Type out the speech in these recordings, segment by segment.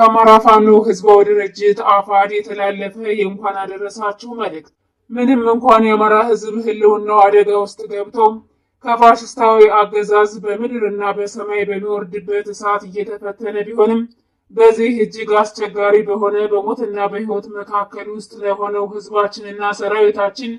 ከአማራ ፋኖ ህዝባዊ ድርጅት አፋድ የተላለፈ የእንኳን አደረሳችሁ መልእክት። ምንም እንኳን የአማራ ህዝብ ህልውናው አደጋ ውስጥ ገብቶ ከፋሽስታዊ አገዛዝ በምድርና በሰማይ በሚወርድበት እሳት እየተፈተነ ቢሆንም በዚህ እጅግ አስቸጋሪ በሆነ በሞትና በህይወት መካከል ውስጥ ለሆነው ህዝባችንና ሰራዊታችን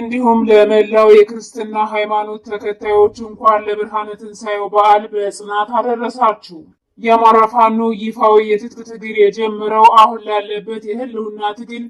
እንዲሁም ለመላው የክርስትና ሃይማኖት ተከታዮች እንኳን ለብርሃነ ትንሣኤው በዓል በጽናት አደረሳችሁ። የአማራ ፋኖ ይፋዊ የትጥቅ ትግል የጀመረው አሁን ላለበት የህልውና ትግል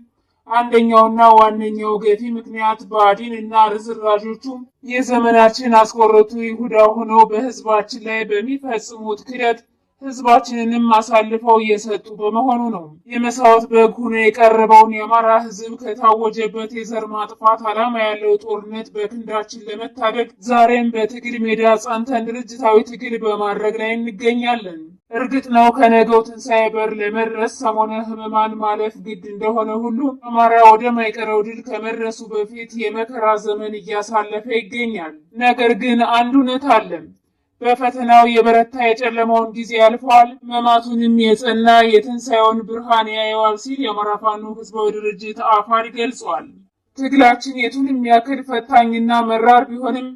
አንደኛውና ዋነኛው ገፊ ምክንያት ብአዴን እና ርዝራዦቹ የዘመናችን አስቆረቱ ይሁዳ ሆነው በህዝባችን ላይ በሚፈጽሙት ክደት ህዝባችንንም አሳልፈው እየሰጡ በመሆኑ ነው። የመሳወት በግ ሆኖ የቀረበውን የአማራ ህዝብ ከታወጀበት የዘር ማጥፋት ዓላማ ያለው ጦርነት በክንዳችን ለመታደግ ዛሬም በትግል ሜዳ ጸንተን ድርጅታዊ ትግል በማድረግ ላይ እንገኛለን። እርግጥ ነው ከነገው ትንሣኤ በር ለመድረስ ሰሞነ ህመማን ማለፍ ግድ እንደሆነ ሁሉ አማራ ማይቀረው ድል ከመድረሱ በፊት የመከራ ዘመን እያሳለፈ ይገኛል። ነገር ግን አንድ እውነት አለም። በፈተናው የበረታ የጨለማውን ጊዜ ያልፈዋል፣ ሕማማቱንም የጸና የትንሣኤውን ብርሃን ያየዋል ሲል የአማራ ፋኖ ህዝባዊ ድርጅት አፋር ገልጿል። ትግላችን የቱንም ያክል ፈታኝና መራር ቢሆንም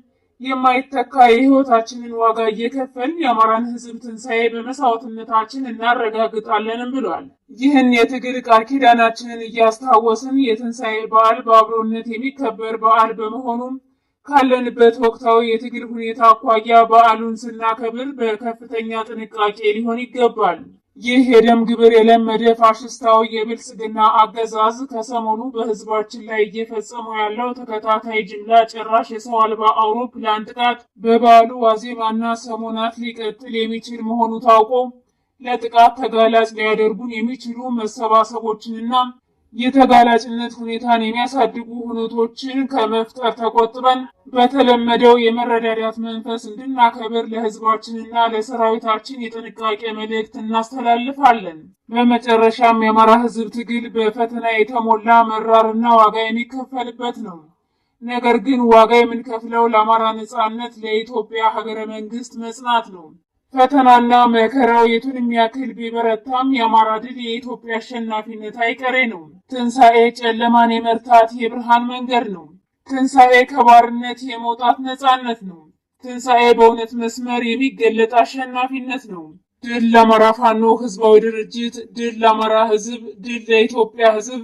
የማይተካ የህይወታችንን ዋጋ እየከፈልን የአማራን ህዝብ ትንሣኤ በመስዋዕትነታችን እናረጋግጣለንም ብሏል። ይህን የትግል ቃል ኪዳናችንን እያስታወስን የትንሣኤ በዓል በአብሮነት የሚከበር በዓል በመሆኑም ካለንበት ወቅታዊ የትግል ሁኔታ አኳያ በዓሉን ስናከብር በከፍተኛ ጥንቃቄ ሊሆን ይገባል። ይህ የደም ግብር የለመደ ፋሽስታዊ የብልጽግና አገዛዝ ከሰሞኑ በህዝባችን ላይ እየፈጸሙ ያለው ተከታታይ ጅምላ ጨራሽ የሰው አልባ አውሮፕላን ጥቃት በበዓሉ ዋዜማና ሰሞናት ሊቀጥል የሚችል መሆኑ ታውቆ ለጥቃት ተጋላጭ ሊያደርጉን የሚችሉ መሰባሰቦችንና የተጋላጭነት ሁኔታን የሚያሳድጉ ሁነቶችን ከመፍጠር ተቆጥበን በተለመደው የመረዳዳት መንፈስ እንድናከብር ለህዝባችንና ለሰራዊታችን የጥንቃቄ መልእክት እናስተላልፋለን። በመጨረሻም የአማራ ህዝብ ትግል በፈተና የተሞላ መራርና ዋጋ የሚከፈልበት ነው። ነገር ግን ዋጋ የምንከፍለው ለአማራ ነጻነት፣ ለኢትዮጵያ ሀገረ መንግስት መጽናት ነው። ፈተናና መከራው የቱን የሚያክል ቢበረታም የአማራ ድል የኢትዮጵያ አሸናፊነት አይቀሬ ነው። ትንሣኤ ጨለማን የመርታት የብርሃን መንገድ ነው። ትንሣኤ ከባርነት የመውጣት ነፃነት ነው። ትንሣኤ በእውነት መስመር የሚገለጥ አሸናፊነት ነው። ድል ለአማራ ፋኖ ህዝባዊ ድርጅት፣ ድል ለአማራ ህዝብ፣ ድል ለኢትዮጵያ ህዝብ።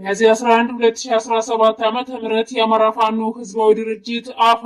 ሚያዝያ 11 2017 ዓ ም የአማራ ፋኖ ህዝባዊ ድርጅት አፋ